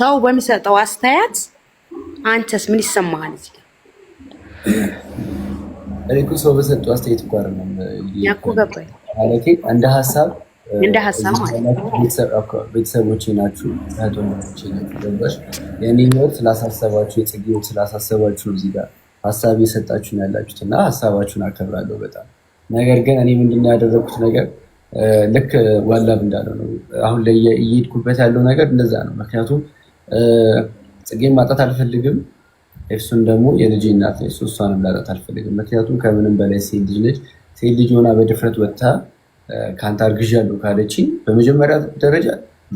ሰው በሚሰጠው አስተያየት አንተስ ምን ይሰማሃል? እዚህ ጋር እኔ እኮ ሰው በሰጠው አስተያየት እኮ አይደለም ያኮ ገባኝ። ማለት እንደ ሀሳብ እንደ ሀሳብ ማለት ቤተሰቦቼ ናችሁ፣ እህቶቼ ናችሁ። ገባሽ? የእኔ ህይወት ስላሳሰባችሁ፣ የጽጌ ህይወት ስላሳሰባችሁ እዚህ ጋር ሀሳብ የሰጣችሁን ያላችሁት እና ሀሳባችሁን አከብራለሁ በጣም ነገር ግን እኔ ምንድን ያደረግኩት ነገር ልክ ዋላብ እንዳለ ነው። አሁን ላይ እየሄድኩበት ያለው ነገር እንደዛ ነው። ምክንያቱም ጽጌን ማጣት አልፈልግም። ኤፍሱን ደግሞ የልጅ እናት ነች። እሷንም ላጣት አልፈልግም። ምክንያቱም ከምንም በላይ ሴት ልጅ ነች። ሴት ልጅ ሆና በድፍረት ወጥታ ከአንተ አርግዣለሁ ካለችኝ በመጀመሪያ ደረጃ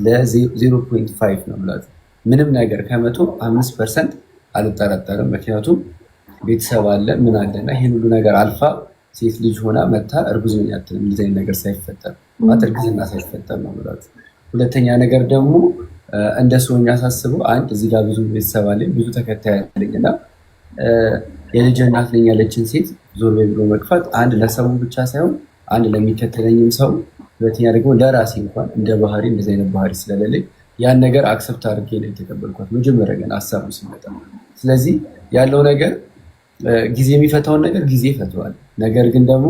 ለ0.5 ነው የምላት። ምንም ነገር ከመቶ አምስት ፐርሰንት አልጠረጠርም። ምክንያቱም ቤተሰብ አለ ምን አለና ይህን ሁሉ ነገር አልፋ ሴት ልጅ ሆና መታ እርጉዝ ነኝ አትልም። እንደዚህ ዓይነት ነገር ሳይፈጠር ማለት እርግዝና ሳይፈጠር ነው የምላት። ሁለተኛ ነገር ደግሞ ሰው የሚያሳስበው አንድ እዚህ ጋር ብዙ ቤተሰብ አለኝ፣ ብዙ ተከታይ አለኝ እና የልጅ እናት ነኝ ያለችን ሴት ዞር በይ ብሎ መግፋት አንድ ለሰው ብቻ ሳይሆን አንድ ለሚከተለኝም ሰው፣ ሁለተኛ ደግሞ ለራሴ እንኳን እንደ ባህሪ እንደዚህ አይነት ባህሪ ስለሌለኝ ያን ነገር አክሰብት አድርጌ ነው የተቀበልኳት መጀመሪያ ግን ሀሳቡ ሲመጣ። ስለዚህ ያለው ነገር ጊዜ የሚፈታውን ነገር ጊዜ ይፈተዋል። ነገር ግን ደግሞ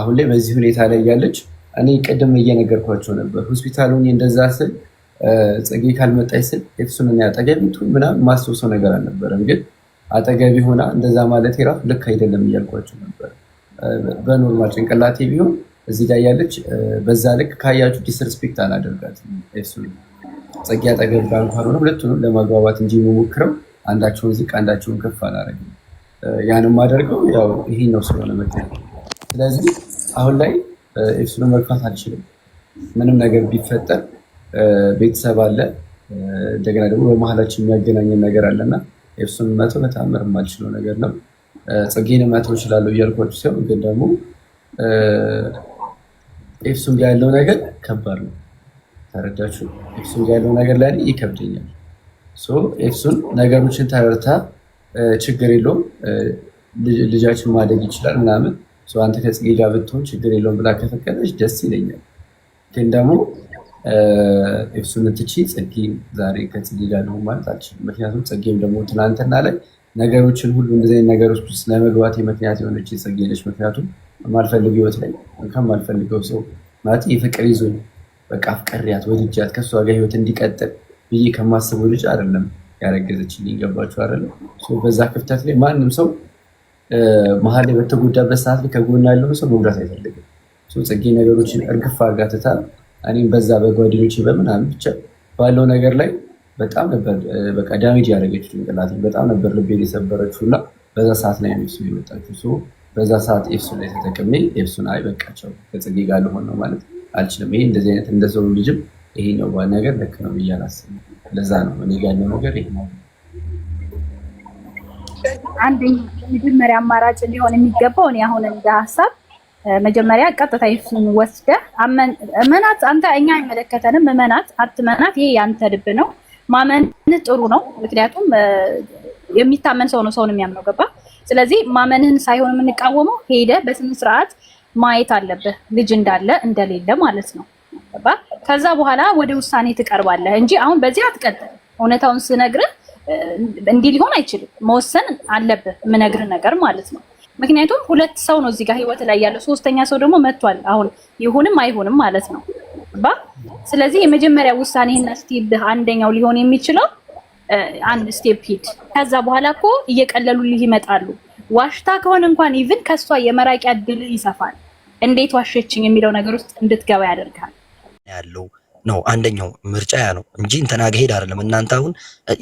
አሁን ላይ በዚህ ሁኔታ ላይ ያለች እኔ ቅድም እየነገርኳቸው ነበር ሆስፒታሉ እንደዛ ስል ጽጌ ካልመጣች ስል ኤፍሱን እና አጠገቢ ምናምን ማስታውሰው ነገር አልነበረም። ግን አጠገቢ ሆና እንደዛ ማለት የራሱ ልክ አይደለም እያልኳቸው ነበር። በኖርማል ጭንቅላቴ ቢሆን እዚህ ጋር ያለች በዛ ልክ ካያችሁ ዲስርስፔክት አላደርጋትም። ኤፍሱን ጽጌ አጠገብ ጋር እንኳን ሆነ ሁለቱንም ለማግባባት እንጂ የምሞክረው አንዳቸውን ዝቅ አንዳቸውን ከፍ አላደረግም። ያንም አደርገው ያው ይሄ ነው ስለሆነ መ ስለዚህ አሁን ላይ ኤፍሱን መግፋት አልችልም ምንም ነገር ቢፈጠር ቤተሰብ አለ። እንደገና ደግሞ በመሀላችን የሚያገናኘን ነገር አለና ኤፍሱን መተው በተአምር የማልችለው ነገር ነው። ጽጌን መተው እችላለሁ እያልኳችሁ ሲሆን ግን ደግሞ ኤፍሱን ጋር ያለው ነገር ከባድ ነው። ተረዳችሁ? ኤፍሱን ጋር ያለው ነገር ላይ ይከብደኛል። ኤፍሱን ነገሮችን ተረድታ ችግር የለውም ልጃችን ማደግ ይችላል ምናምን አንተ ከጽጌ ጋር ብትሆን ችግር የለውም ብላ ከፈቀደች ደስ ይለኛል። ግን ደግሞ ኤፍሱን ትቺ ጽጌ ዛሬ ከጽጌ ጋር ነው ማለት አልችልም። ምክንያቱም ጽጌም ደግሞ ትናንትና ላይ ነገሮችን ሁሉ እንደዚህ ነገሮች ውስጥ ለመግባት ምክንያት የሆነች ጽጌ ነች። ምክንያቱም የማልፈልግ ህይወት ላይ ከማልፈልገው ሰው ማለት የፍቅር ይዞ በቃ አፍቀሪያት ወድጃት ከእሷ ጋር ህይወት እንዲቀጥል ብዬ ከማስቡ ልጅ አይደለም ያረገዘች ገባችሁ አይደለም? በዛ ክፍተት ላይ ማንም ሰው መሀል ላይ በተጎዳበት ሰዓት ላይ ከጎና ያለውን ሰው መጉዳት አይፈልግም። ጽጌ ነገሮችን እርግፍ አርጋ እኔም በዛ በጓደኞቼ በምናምን ብቻ ባለው ነገር ላይ በጣም ነበር በቃ ዳሜጅ ያደረገች ጭንቅላት በጣም ነበር ልቤን የሰበረችው እና በዛ ሰዓት ላይ ኤፍሱ የመጣችው በዛ ሰዓት ኤፍሱ ላይ ተጠቅሜ ኤፍሱን አይ በቃቸው ከጽጌ ጋር ልሆን ነው ማለት አልችልም። ይሄ እንደዚህ አይነት እንደ ሰው ልጅም ይሄኛው ባል ነገር ልክ ነው ብዬ አላስብም። ለዛ ነው እኔ ጋር ያለው ነገር ይሄ ነው። አንደኛ መጀመሪያ አማራጭ ሊሆን የሚገባው እኔ አሁን እንደ ሀሳብ መጀመሪያ ቀጥታ ይፍን ወስደ መናት አንተ እኛ አይመለከተንም፣ እመናት አትመናት፣ ይሄ ያንተ ልብ ነው። ማመን ጥሩ ነው፣ ምክንያቱም የሚታመን ሰው ነው ሰውን የሚያምነው። ገባ? ስለዚህ ማመንህን ሳይሆን የምንቃወመው ሄደ በስነ ስርዓት ማየት አለብህ፣ ልጅ እንዳለ እንደሌለ ማለት ነው። ገባ? ከዛ በኋላ ወደ ውሳኔ ትቀርባለህ እንጂ አሁን በዚህ አትቀጥል። እውነታውን ስነግርህ እንዲህ ሊሆን አይችልም፣ መወሰን አለብህ፣ የምነግርህ ነገር ማለት ነው። ምክንያቱም ሁለት ሰው ነው እዚህ ጋር ህይወት ላይ ያለው፣ ሶስተኛ ሰው ደግሞ መጥቷል። አሁን ይሁንም አይሆንም ማለት ነው ባ ስለዚህ የመጀመሪያ ውሳኔህና ስቴፕህ አንደኛው ሊሆን የሚችለው አንድ ስቴፕ ሂድ። ከዛ በኋላ እኮ እየቀለሉልህ ይመጣሉ። ዋሽታ ከሆነ እንኳን ኢቭን ከሷ የመራቂያ ድል ይሰፋል። እንዴት ዋሸችኝ የሚለው ነገር ውስጥ እንድትገባ ያደርጋል ያለው ነው አንደኛው ምርጫ ያ ነው እንጂ እንተና ጋ ሄድ አይደለም። እናንተ አሁን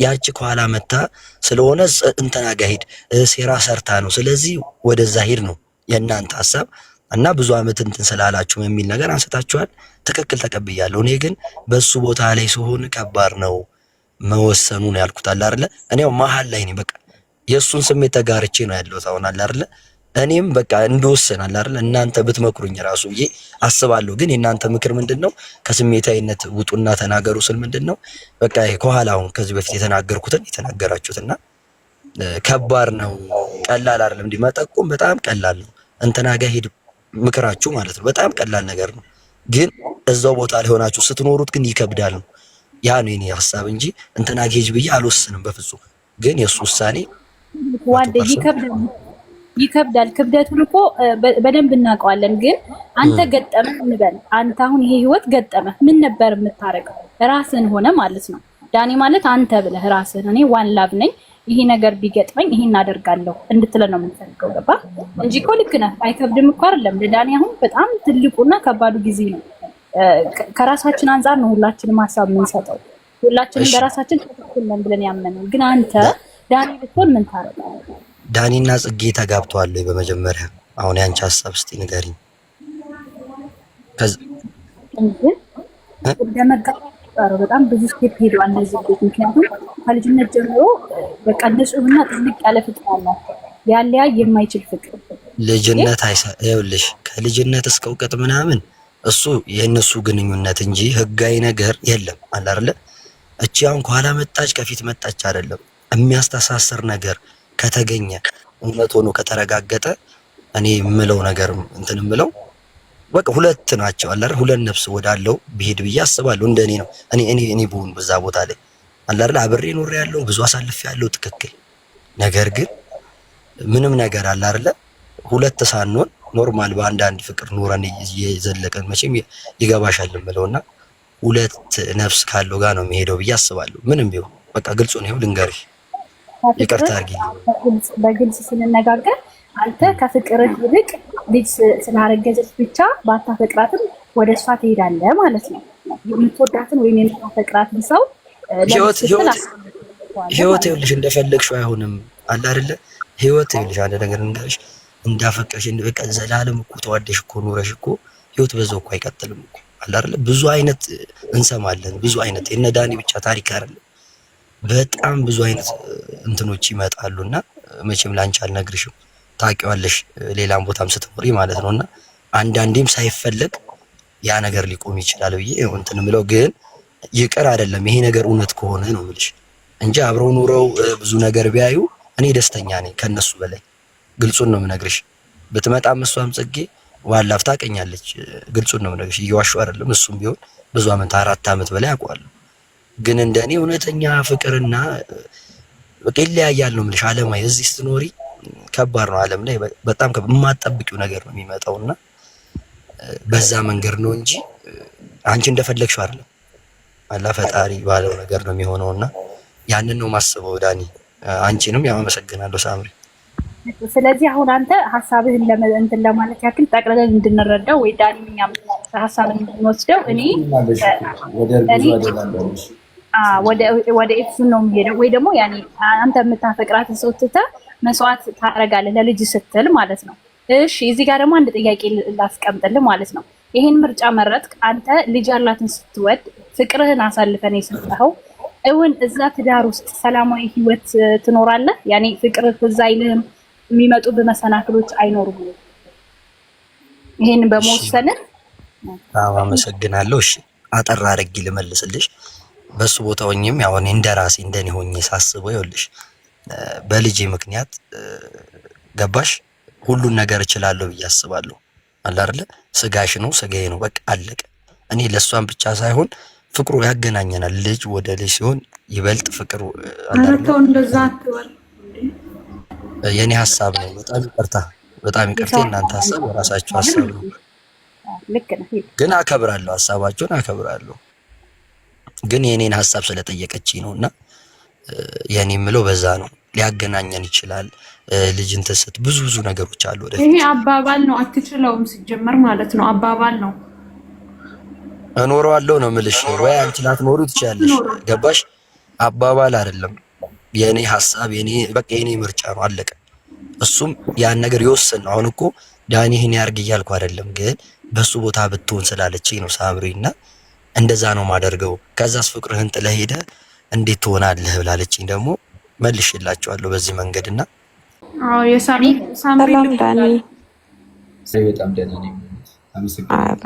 ያቺ ከኋላ መታ ስለሆነ እንተና ጋ ሄድ ሴራ ሰርታ ነው ስለዚህ ወደዛ ሄድ ነው የእናንተ ሀሳብ እና ብዙ አመት እንትን ስላላችሁ የሚል ነገር አንስታችኋል። ትክክል ተቀብያለሁ። እኔ ግን በሱ ቦታ ላይ ሲሆን ከባድ ነው መወሰኑ ነው ያልኩት። አለ አይደለ እኔው መሀል ላይ ነኝ። በቃ የእሱን ስሜት ተጋርቼ ነው ያለሁት አሁን አለ አይደለ እኔም በቃ እንደወሰናል አይደል እናንተ ብትመክሩኝ ራሱ ብዬ አስባለሁ። ግን የእናንተ ምክር ምንድን ነው? ከስሜታዊነት ውጡና ተናገሩ ስል ምንድን ነው በቃ ከኋላ አሁን ከዚህ በፊት የተናገርኩትን የተናገራችሁትና ከባድ ነው፣ ቀላል አይደለም። እንዲህ መጠቆም በጣም ቀላል ነው። እንትና ጋር ሄድ ምክራችሁ ማለት ነው በጣም ቀላል ነገር ነው። ግን እዛው ቦታ ላይ ሆናችሁ ስትኖሩት ግን ይከብዳል ነው ያ ነው የኔ ሀሳብ እንጂ እንትና ጌጅ ብዬ አልወስንም በፍጹም። ግን የእሱ ውሳኔ ይከብዳል። ክብደቱን እኮ በደንብ እናውቀዋለን። ግን አንተ ገጠመ እንበል፣ አንተ አሁን ይሄ ህይወት ገጠመ፣ ምን ነበር የምታረገው? ራስን ሆነ ማለት ነው ዳኒ ማለት አንተ ብለህ ራስህን እኔ ዋን ላብ ነኝ ይሄ ነገር ቢገጥመኝ ይሄን እናደርጋለሁ እንድትለ ነው የምንፈልገው። ገባ እንጂ እኮ ልክ ነህ። አይከብድም እኮ አይደለም። ለዳኒ አሁን በጣም ትልቁና ከባዱ ጊዜ ነው። ከራሳችን አንጻር ነው ሁላችንም ሀሳብ የምንሰጠው። ሁላችንም በራሳችን ትክክል ነን ብለን ያመነው። ግን አንተ ዳኒ ብትሆን ምን ታደርጋለህ? ዳኒና ጽጌ ተጋብተዋል ወይ? በመጀመሪያ አሁን ያንቺ ሀሳብ እስቲ ንገሪኝ። በጣም ብዙ ስቴፕ ሄደዋል እነዚህ ልጆች። ምክንያቱም ከልጅነት ጀምሮ በቃ ጥልቅ ያለ ፍቅር አላቸው። ያለያ የማይችል ፍቅር ልጅነት ይኸውልሽ፣ ከልጅነት እስከ እውቀት ምናምን እሱ የእነሱ ግንኙነት እንጂ ህጋዊ ነገር የለም እቺ አሁን ከኋላ መጣች ከፊት መጣች አይደለም የሚያስተሳስር ነገር ከተገኘ እውነት ሆኖ ከተረጋገጠ እኔ የምለው ነገር እንትን የምለው በቃ ሁለት ናቸው አለ ሁለት ነፍስ ወዳለው ብሄድ ብዬ አስባለሁ። እንደኔ ነው። እኔ እኔ እኔ ብሆን በዛ ቦታ ላይ አለ አብሬ ኖሬ ያለው ብዙ አሳልፍ ያለው ትክክል። ነገር ግን ምንም ነገር አለ ሁለት ሳንሆን ኖርማል በአንዳንድ ፍቅር ኖረን እየዘለቀን መቼም ይገባሻል የምለውና ሁለት ነፍስ ካለው ጋር ነው የሚሄደው ብዬ አስባለሁ። ምንም ቢሆን በቃ ግልጹ ነው ልንገርሽ በግልጽ ስንነጋገር አንተ ከፍቅርህ ይልቅ ልጅ ስላረገዘች ብቻ ባታፈቅራትም ወደ እሷ ትሄዳለህ ማለት ነው። የምትወዳትን ወይም የምታፈቅራትን ሰው ህይወት ይኸውልሽ፣ እንደፈለግሽው አይሆንም አለ አይደለ? ህይወት ይኸውልሽ፣ አንድ ነገር እንጋሽ እንዳፈቀሽ በቃ ዘላለም እኮ ተዋደሽ እኮ ኑረሽ እኮ ህይወት በዛው እኮ አይቀጥልም እኮ አለ አይደለ? ብዙ አይነት እንሰማለን፣ ብዙ አይነት የነዳኒ ብቻ ታሪክ አይደለም በጣም ብዙ አይነት እንትኖች ይመጣሉ እና መቼም ላንቺ አልነግርሽም፣ ታውቂዋለሽ፣ ሌላም ቦታም ስትኖሪ ማለት ነው እና አንዳንዴም ሳይፈለግ ያ ነገር ሊቆም ይችላል ብዬ እንትን ምለው ግን ይቅር አይደለም ይሄ ነገር እውነት ከሆነ ነው ምልሽ እንጂ አብረው ኑረው ብዙ ነገር ቢያዩ እኔ ደስተኛ ነኝ ከነሱ በላይ ግልጹን ነው የምነግርሽ። ብትመጣም እሷም ጽጌ ዋላፍ ታቀኛለች። ግልጹን ነው የምነግርሽ፣ እየዋሹ አይደለም። እሱም ቢሆን ብዙ አመት አራት አመት በላይ አውቀዋለሁ። ግን እንደ እኔ እውነተኛ ፍቅርና በቃ ይለያያል ነው የምልሽ። ዓለም እዚህ ስትኖሪ ከባድ ነው። አለም ላይ በጣም የማትጠብቂው ነገር ነው የሚመጣው እና በዛ መንገድ ነው እንጂ አንቺ እንደፈለግሽው አይደለም። አላ ፈጣሪ ባለው ነገር ነው የሚሆነው እና ያንን ነው ማስበው ዳኒ። አንቺንም ያው አመሰግናለሁ ሳምሪ። ስለዚህ አሁን አንተ ሀሳብህን እንትን ለማለት ያክል ጠቅልለን እንድንረዳው ወይ ዳኒ ሀሳብን እንድንወስደው እኔ ወደ ኤፍሱን ነው የሚሄደው ወይ ደግሞ ያኔ አንተ የምታፈቅራትን ሰው ትተህ መስዋዕት ታደርጋለህ ለልጅ ስትል ማለት ነው። እሺ እዚህ ጋር ደግሞ አንድ ጥያቄ ላስቀምጥልህ ማለት ነው። ይህን ምርጫ መረጥክ አንተ ልጅ ያላትን ስትወድ ፍቅርህን አሳልፈን የሰጠኸው እውን እዛ ትዳር ውስጥ ሰላማዊ ህይወት ትኖራለህ? ያኔ ፍቅር እዛ አይልህም፣ የሚመጡ በመሰናክሎች አይኖሩም። ይህን በመወሰንህ አመሰግናለሁ። እሺ አጠር አድርጌ ልመልስልሽ። በሱ ቦታ ሆኜም ያው እኔ እንደ ራሴ እንደኔ ሆኜ ሳስበው ይኸውልሽ በልጄ ምክንያት ገባሽ ሁሉን ነገር እችላለሁ ብዬ አስባለሁ። አለ አይደለ ስጋሽ ነው ስጋዬ ነው በቃ አለቀ። እኔ ለእሷን ብቻ ሳይሆን ፍቅሩ ያገናኘናል። ልጅ ወደ ልጅ ሲሆን ይበልጥ ፍቅሩ የእኔ ሀሳብ ነው። በጣም ይቅርታ በጣም ይቅርታ። እናንተ ሀሳብ የራሳችሁ ሀሳብ ነው፣ ግን አከብራለሁ፣ ሀሳባችሁን አከብራለሁ። ግን የኔን ሀሳብ ስለጠየቀችኝ ነው እና የእኔ የምለው በዛ ነው። ሊያገናኘን ይችላል። ልጅን እንትን ብዙ ብዙ ነገሮች አሉ። ወደፊት ይሄ አባባል ነው፣ አትችለውም ሲጀመር ማለት ነው። አባባል ነው። እኖረዋለሁ ነው የምልሽ። ወይ አንቺ ላትኖሩ ትችያለሽ። ገባሽ? አባባል አይደለም። የእኔ ሀሳብ የኔ በቃ የኔ ምርጫ ነው። አለቀ። እሱም ያን ነገር ይወስን ነው። አሁን እኮ ዳኒ ይሄን ያርግ እያልኩ አይደለም፣ ግን በሱ ቦታ ብትሆን ስላለችኝ ነው ሳምሪ እና እንደዛ ነው ማደርገው። ከዛስ ፍቅርህን ጥለህ ሄደህ እንዴት ትሆናለህ ብላለችኝ። ደግሞ መልሼላቸዋለሁ በዚህ መንገድ እና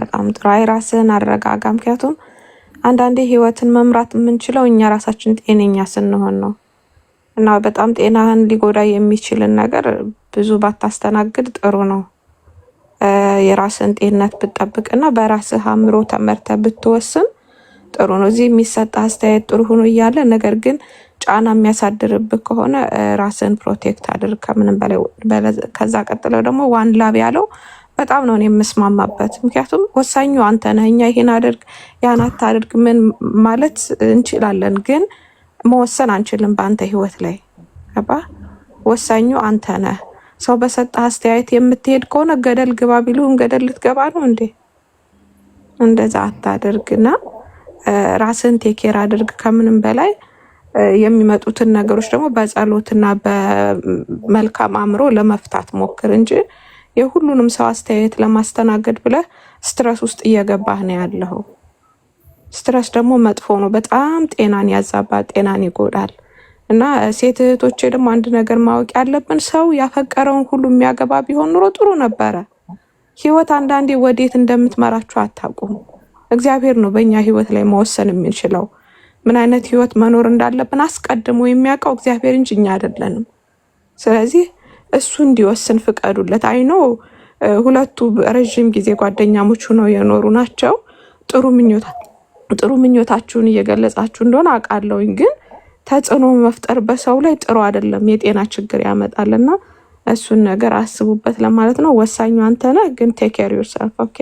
በጣም ጥሩ። አይ ራስህን አረጋጋ። ምክንያቱም አንዳንዴ ህይወትን መምራት የምንችለው እኛ ራሳችን ጤነኛ ስንሆን ነው እና በጣም ጤናህን ሊጎዳ የሚችልን ነገር ብዙ ባታስተናግድ ጥሩ ነው። የራስን ጤንነት ብጠብቅ እና በራስህ አእምሮ ተመርተ ብትወስን ጥሩ ነው። እዚህ የሚሰጥ አስተያየት ጥሩ ሆኖ እያለ ነገር ግን ጫና የሚያሳድርብህ ከሆነ ራስን ፕሮቴክት አድርግ ከምንም በላይ። ከዛ ቀጥለው ደግሞ ዋን ላብ ያለው በጣም ነው የምስማማበት። ምክንያቱም ወሳኙ አንተ ነህ። እኛ ይሄን አድርግ ያን አታድርግ ምን ማለት እንችላለን፣ ግን መወሰን አንችልም በአንተ ህይወት ላይ ወሳኙ አንተ ነህ። ሰው በሰጠ አስተያየት የምትሄድ ከሆነ ገደል ግባ ቢሉን ገደል ልትገባ ነው እንዴ? እንደዛ አታደርግና ራስን ቴኬር አድርግ። ከምንም በላይ የሚመጡትን ነገሮች ደግሞ በጸሎትና በመልካም አእምሮ ለመፍታት ሞክር እንጂ የሁሉንም ሰው አስተያየት ለማስተናገድ ብለህ ስትረስ ውስጥ እየገባህ ነው ያለው። ስትረስ ደግሞ መጥፎ ነው። በጣም ጤናን ያዛባ፣ ጤናን ይጎዳል። እና ሴት እህቶቼ ደግሞ አንድ ነገር ማወቅ ያለብን ሰው ያፈቀረውን ሁሉ የሚያገባ ቢሆን ኑሮ ጥሩ ነበረ። ህይወት አንዳንዴ ወዴት እንደምትመራችሁ አታውቁም። እግዚአብሔር ነው በእኛ ህይወት ላይ መወሰን የምንችለው። ምን አይነት ህይወት መኖር እንዳለብን አስቀድሞ የሚያውቀው እግዚአብሔር እንጂ እኛ አይደለንም። ስለዚህ እሱ እንዲወስን ፍቀዱለት። አይኖ ሁለቱ ረዥም ጊዜ ጓደኛሞች ሆነው የኖሩ ናቸው። ጥሩ ምኞታችሁን እየገለጻችሁ እንደሆነ አውቃለሁኝ ግን ተጽዕኖ መፍጠር በሰው ላይ ጥሩ አይደለም፣ የጤና ችግር ያመጣልና እሱን ነገር አስቡበት ለማለት ነው። ወሳኙ አንተ ነህ፣ ግን ቴክ ኬር ኦኬ።